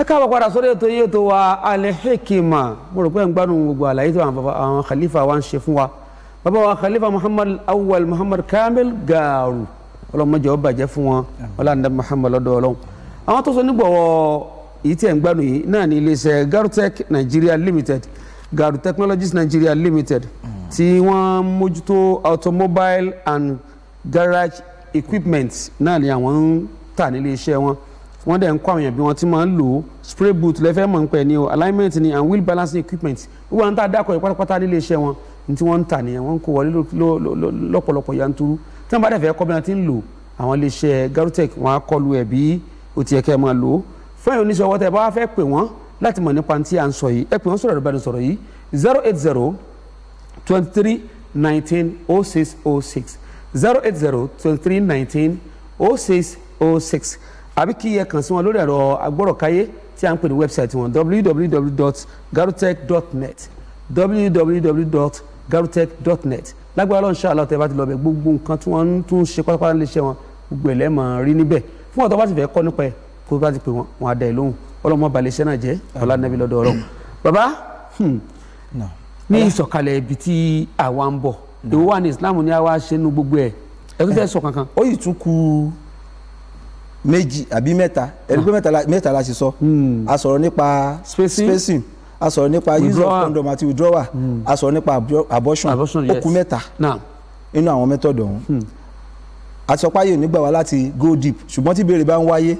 ẹ káàbọ̀ padà sórí ètò yìí ètò wa Al-Hikima mo rò pé ń gbádùn gbogbo àlàyé tó àwọn khalifa wa ń ṣe fún wa bàbá wa khalifa muhammad awwal muhammad kamil gaaru ọlọmọdé ọba jẹ fún wọn ọlọ́dẹ muhammad lọ́dọ̀ ọlọ́run àwọn tó sọ nígbọ̀wọ́ èyí tí ẹ̀ ń gbádùn yìí náà ní iléeṣẹ́ garutech nigeria limited garu technologies nigeria limited mm. tí wọ́n mójútó automobile and garage equipment náà ni àwọn ń tà níléeṣẹ́ wọn wọ́n dẹ̀ ń kọ́ àwọn èèyàn bí wọ́n máa ń lò ó spray boot lẹ́fẹ́ mọ̀ ń pẹ̀ ní o alignment ni and wheel balancing equipment wíwá ń tà dákọ̀ yìí pátápátá nílé iṣẹ́ wọn ní tí wọ́n ń tà nìyẹn wọ́n ń kó wọlé lọ́pọ̀lọpọ̀ yanturu tí wọ́n bá dẹ̀ fẹ́ kọ́ bí wọ́n ti ń lò àwọn ilé iṣẹ́ garutech wọn á kọlu ẹ̀ bí o ti yẹ kẹ́ ẹ máa lò ó fẹ́yìn oníṣẹ́ ọwọ́ tẹ́ bá wá fẹ́ pè wọ́n láti mọ̀ nípa tí à ń sọ yìí ẹ pè wọ́n sọ̀rọ̀ ìbánu sọ̀rọ̀ yìí zero eight zero twenty three nineteen oh six oh six zero eight zero twenty three nineteen oh six oh six àbí kí ẹ kàn sí wọn lórí ẹ̀rọ agbọ́rọ̀káyé tí a ń pè ní wẹ́bsáìtì wọn www.garutech.net www.garutech.net lágbára lọ́nṣà aláwọ̀tẹ́ bá ti lọ bẹ̀ gbogbo nǹkan tí wọ́n tún ṣe pátápátá lè ṣe wọn gbogbo ẹ̀ lẹ́ẹ̀ máa rí níbẹ̀ fún ọ̀tọ́ bá ti fẹ́ kọ́ nípa ẹ̀ kó bá ti pè wọ́n wọn á dá ẹ lóhùn ọlọ́mọ balẹ̀ iṣẹ́ náà jẹ́ ọlá nàbí lọ́dọ̀ ọ̀rọ̀ bàbá hmm, ní ìsọ̀kalẹ̀ ibi tí àwa ń bọ̀ èwo wà ní Islam ní àwa ṣe nínú gbogbo ẹ̀ ẹ̀ tó fẹ́ sọ kankan. ó yìí tún kú méjì àbí mẹ́ta ẹni pé ah. mẹ́ta la ṣe sọ hmm. a sọ̀rọ̀ nípa spacing a sọ̀rọ̀ nípa use of condom àti withdrawal hmm. a sọ̀rọ̀ nípa abortion ó kù mẹ́ta nínú àwọn mẹ́tọ̀dù ọ̀hún hmm. àtọ́páyé nígbà wá láti go deep ṣùgbọ́n tí ìbéèrè bá ń wáyé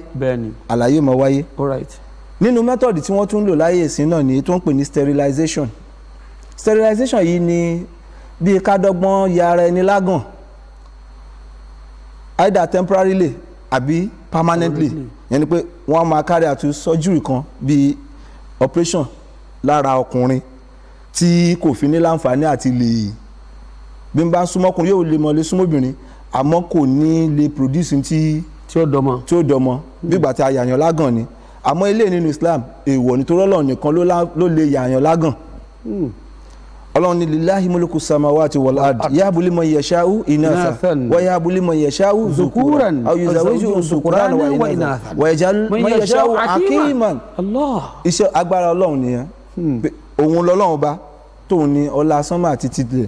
àlàyé mọ̀ wáyé nínú mẹ́tọ̀dù tí wọ́n tún ń lò láyé ìsìn náà ni tó ń pè ní sterilization sterilization yìí ni bíi kádọ́gbọ́n ya ara ẹni lágàn either temporarily àbí permanently yẹn ni pé wọ́n máa carry out surgery kan bíi operation lára ọkùnrin tí kò fi ní láǹfààní àti lè bí n bá súnmọ́ ọkùnrin yóò lè mọ lè súnmọ́ obìnrin àmọ́ kò ní lè produce ti tí ó dọmọ tí ó dọmọ bí ìgbà tí a yàyàn lágàn ni àmọ́ ilé nínú Islam èèwọ̀ nítorí Ọlọ́run nìkan ló lè yàyàn lágàn. Hmm ọlọ́run ní lillahi muluku samawati wal ard yaabuli man yasha'u inasa wa yaabuli man yasha'u zukuran aw yuzawiju zukuran wa inasa wa yajal man yasha'u akiman iṣẹ́ agbára ọlọ́run nìyẹn hmm. òun lọ́lọ́run ọba tóun ní ọlá sánmà àti títẹ̀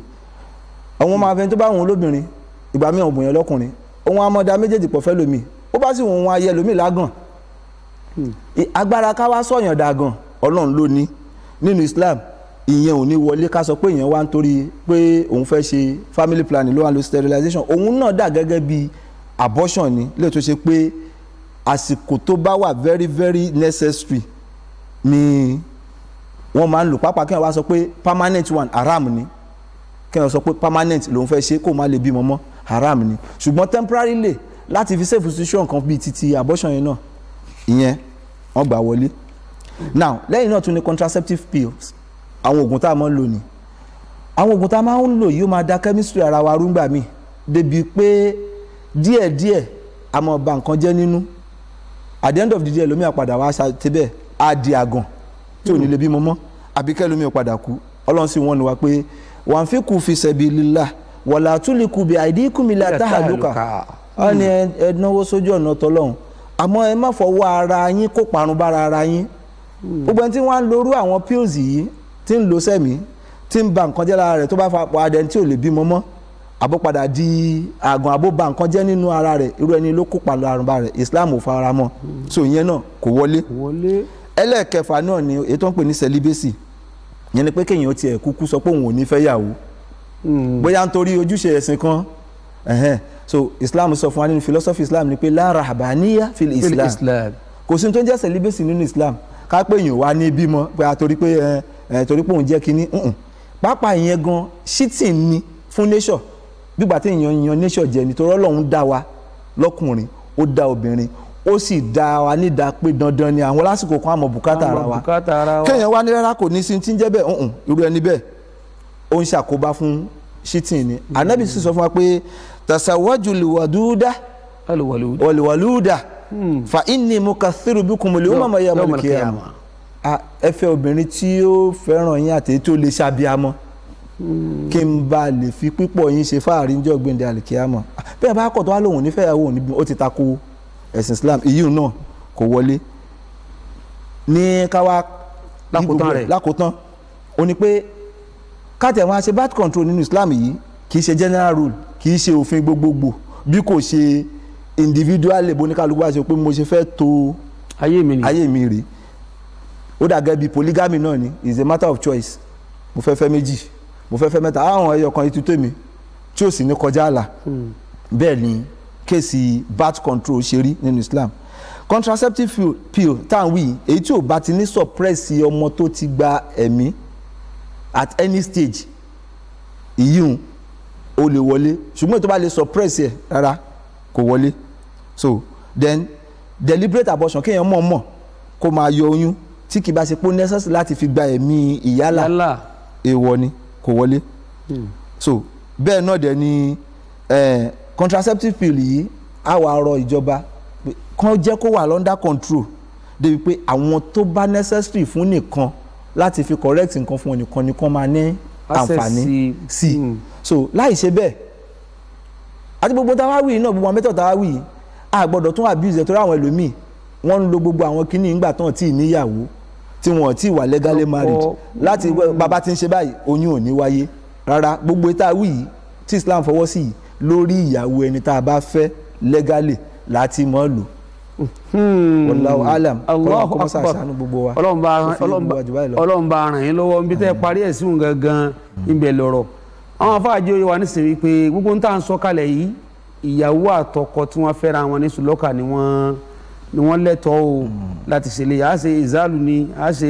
àwọn ọmọ afẹ́ni tó bá wọn lóbìnrin ìgbà mìíràn obìnrin lọ́kùnrin òun amọ̀dá méjèèjì pọ̀ fẹ́ lomi ó bá sì wọn ayẹ lomi lágàn hmm. agbára káwá sọ̀yàn dàgàn ọlọ́run ló nínú Islam ìyẹn ò ní wọlé ká sọ pé èèyàn wá ń torí pé òun fẹ́ ṣe family planning ló wà ló sterilization òun náà dà gẹ́gẹ́ bí abortion ni lè tó ṣe pé àsìkò tó bá wà very very necessary ni wọ́n máa ń lò pápá kí wọ́n wá sọ pé permanent one haram ni kí wọ́n sọ pé permanent lòun fẹ́ ṣe kó má lè bímọ mọ́ haram ni ṣùgbọ́n temporary lè láti fi safe position kan bíi títí abortion yẹn náà ìyẹn wọ́n gbà wọlé now lẹ́yìn náà tún ni contraceptive pills àwọn oògùn tá a máa ń lò ní àwọn oògùn tá a máa ń lò yìí ó máa da chemistry ara wa rúngbà míì débi pé díẹ̀díẹ̀ a máa ba nǹkan jẹ́ nínú at the end of the day ẹlòmíà padà wá ṣàtẹ́bẹ̀ a di àgàn tí ò ní lè bímọ mọ́ àbí kẹlòmíà padà kú ọlọ́run sì wọ́n ní wa pé wàá fi kù fi ṣẹ̀bi lílà wàlà àtúlẹ̀ kù bí àìdí kù mi là táhàlùkà á ní ẹ náwó sójú ọ̀nà tọ́lọ́run àmọ́ ẹ má fọwọ́ ara yín kó parun bára ara yín hmm. gbogbo ẹni tí wọ́n á lorú àwọn pills yìí tí ń lo sẹ́mi tí ń ba nǹkan jẹ́ lára rẹ̀ tó bá fapò adẹni tí ò lè bímọ mọ́ àbó padà di àgàn àbó ba nǹkan jẹ́ nínú ara rẹ̀ irú ẹni ló kópa lọ àrùn ba rẹ̀ Islam ò fara mọ́ so ìyẹn náà kò wọlé ẹlẹ́ẹ̀kẹfà náà ni èyí tó ń pè ní celibacy yẹn ni pé kéèyàn ó tiẹ̀ kúkú sọ pé òun ò ní fẹ́ yàwó hmm. bóyá nítorí ojúṣe ẹ̀sìn kan so Islam sọ fún wa nínú philosophy Islam ni pé la rahbaniya fil Islam kò sí ní tó ń jẹ́ celibacy nínú Islam ká pé èèyàn wá ní bímọ pé àtòrí pé Eh, torí pé òun jẹ́ kínní pàápàá ìyẹn gan shitting ni fún nature gbígbà tí èèyàn yan nature jẹ nítorí ọlọ́run dá wa lọ́kùnrin ó dá obìnrin ó sì dá wa nídàá pé dandan ni àwọn lásìkò kan àmọ́ bùkátà ara wa kéèyàn wá ní rárá kò ní sí ti ń jẹ́ bẹ́ẹ̀ ọ̀hún irú ẹni bẹ́ẹ̀ ó ń ṣàkóbá fún shitting ni anabi sì sọ fún wa pé tasawaju liwaduda waliwaluda hmm. fa inni mukathiru bikumuli umama yamul kiyama ẹ fẹ́ obìnrin tí ó fẹ́ràn yín àtẹ̀yí tó lè ṣàbíamọ́ hmm. kí n bá lè fi pípọ̀ yín ṣe fáàrí níjọ́ gbẹ̀ndẹ̀ àlìkíyàmọ́ bẹ́ẹ̀ bá kọ̀ tó wá lòun nífẹ̀yàwó òní ó ti tako ẹ̀sìn Islam èyí náà kò wọlé ní káwá lákòótán rẹ̀ lákòótán ó ní pé káàtẹ̀ wọn a ṣe birth control nínú Islam yìí kì í ṣe general rule kì í ṣe òfin gbogbogbò bí kò ṣe individual lè boníkàlùkù bá ṣe pé mo ṣe fẹ́ tò ayé mi rèé ó dà gẹ́gẹ́ bí polygamy náà ni is a matter of choice mo fẹ́ fẹ́ méjì mo fẹ́ fẹ́ mẹ́ta àwọn ẹyọ kan ètùtù mi tí ò sì ní kọjá àlà hmm. bẹ́ẹ̀ ni kéèsì birth control ṣe rí nínú Islam contraceptive pill tá à ń wí èyí tí ò bá ti ní suppress ọmọ tó ti gba ẹ̀mí at any stage ìyíhun o lè wọlé ṣùgbọ́n tó bá lè suppress ẹ̀ rárá kò wọlé so then deliberate abortion kéèyàn mọ̀ọ́mọ̀ kó máa yọ oyún tí kì bá ṣe pé ó necessary láti fi gba ẹ̀mí ìyálà èèwọ̀ ni kò wọlé hmm. so bẹ́ẹ̀ náà dẹ̀ ni eh, contraceptive pill yìí á wàá ìjọba kàn jẹ́ kó wà under control débi pé àwọn tó bá necessary fún nìkan láti fi correct nǹkan fún wọn nìkan máa ní àǹfààní sí i hmm. so láì ṣe bẹ́ẹ̀ àti gbogbo táwa wì náà gbogbo àwọn mẹ́tọ̀ táwa wì a gbọ́dọ̀ tún abuse ẹ̀ torí àwọn ẹlòmíì wọ́n ń lo gbogbo àwọn kinní ìgbà tán tí ì níyàwó tí wọn ti wà legally married láti bàbá tí ń ṣe báyìí oyún ò ní wáyé rárá gbogbo tá a wí yìí tí Islam fọwọ́ sí yìí lórí ìyàwó ẹni tá a bá fẹ́ legally láti mọ́ lò. Hmm. alam kọ́lá kọ́mọ́ sàṣánú gbogbo wa ọlọ́run bá ràn yín lọ́wọ́ níbi tẹ́ ẹ hmm. parí ẹ̀ sí òun gangan ibẹ̀ lọ́rọ̀ àwọn afáàjì oyè wa nísìnyí wípé gbogbo ń tà ń sọ kalẹ̀ yìí ìyàwó àtọkọ tí wọ́n fẹ́ra wọn ní sùlọ́kà ni wọ́n ni wọ́n lẹ́tọ̀ọ́ o láti ṣẹlẹ̀ yà á ṣe ìzálù ni á ṣe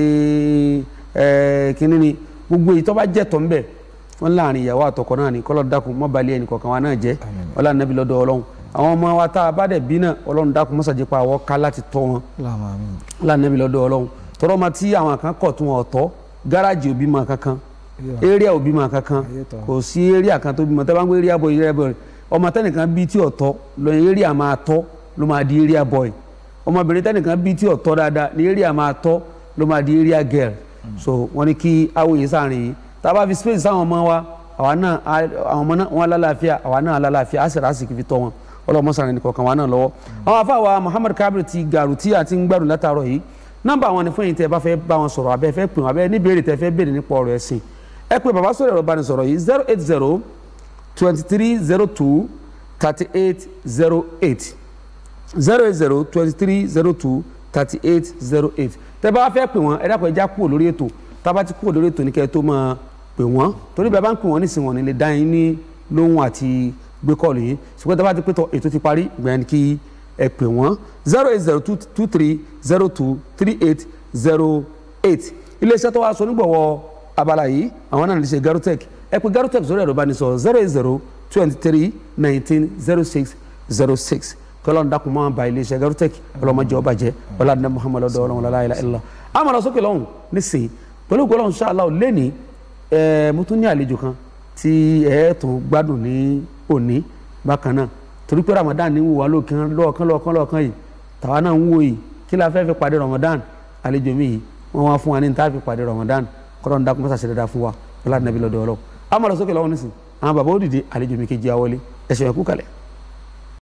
kínní ni gbogbo èyí tó bá jẹ́tọ̀ ń bẹ̀ láàrin ìyàwó àtọkọ náà ni kọ́lọ́ dákun mọ́ balẹ̀ ẹnì kọ̀ọ̀kan wa náà jẹ́ ọlá nàbí lọ́dọ̀ ọlọ́run àwọn ọmọ wa tá a bá dẹ̀ bí náà ọlọ́run dákun mọ́sàjẹ́ pa àwọ̀ ká láti tọ́ wọn ọlá nàbí lọ́dọ̀ ọlọ́run tọrọ ma ti àwọn kan kọ̀ tún ọ̀tọ̀ gáràjì òbí ma kankan area òbí ma kankan kò sí area kan tó bí ma tẹ́ bá ń gbé area boy area boy ọmọ tẹ́nìkan bíi tí ọ̀tọ̀ lọ́yìn area máa tọ́ ló máa di area boy ọmọbìnrin tẹnìkan bíi tí ọ̀tọ́ dáadáa ní area máa tọ́ ló máa di area girl hmm. so wọ́n ní kí awòye sáàrin yìí tá a bá fi space sáwọn ọmọ wa àwa náà àwọn ọmọ náà wọn alálàáfíà àwa náà alálàáfíà á sì rà á sì kí fi tọ́ wọn ọlọ́mọ sàrin nìkọ̀ọ̀kan wa náà lọ́wọ́ hmm. àwọn afáwa Muhammad Kabir ti gàrú tí a ti ń gbàrú látàárọ̀ yìí nọ́mbà àwọn ni fún yìí tẹ́ bá fẹ́ bá wọn sọ̀rọ̀ abẹ́ fẹ́ pè wọn abẹ́ níbèrè tẹ́ fẹ́ béèrè nípa ọ̀rọ̀ ẹ̀sìn ẹ zero eight zero twenty three zero two thirty eight zero eight zero eight zero twenty three zero two thirty eight zero eight tẹ́ bá wá fẹ́ pè wọ́n ẹ dákun ẹ já kúrò lórí ètò tá a bá ti kúrò lórí ètò ní kẹ́ ẹ tó máa pè wọ́n torí bí a bá ń pè wọ́n nísìnyí wọ́n ní lè ní lóhùn àti gbé kọ́ọ̀lù yín ṣùgbọ́n tá ti pé tọ ètò ti parí gbẹ̀yìn kí ẹ pè wọ́n zero eight zero two two three zero two three eight zero eight iléeṣẹ́ tó wá sọ nígbọ̀wọ́ abala yìí àwọn náà lè ṣe garotech ẹ pè garotech sórí ẹ̀rọ ìbánisọ̀rọ̀ zero eight zero twenty three nineteen zero six zero six kọlọ́n dákun máa ba iléeṣẹ́ garutech ọlọ́mọdé ọba jẹ ọlọ́dún muhammadu ọdọ ọlọ́run la ilaha illallah amọ̀nà sókè lọ́hùn nísìnyí pẹ̀lú gbọ́dọ̀ insha Allah lẹ́ni mo tún ní àlejò kan tí ẹ̀ tún gbádùn ní òní bákan náà torí pé ramadan ní wò wá lọ́ọ̀kan lọ́ọ̀kan lọ́ọ̀kan lọ́ọ̀kan yìí tàwa náà ń wò yìí kí la fẹ́ fi pàdé ramadan àlejò mi yìí wọ́n wá fún wa ní ní tá fi pàdé ramadan kọ́lọ́n dákun mọ́sàsì dáadáa fún wa ọlọ́dún nàbí lọ́dọ̀ ọlọ́ amọ̀nà sókè lọ́hùn nísìnyí àwọn bàbá ó dìde àlejò mi kejì awọlé ẹ̀sìn ẹ̀kú kalẹ̀.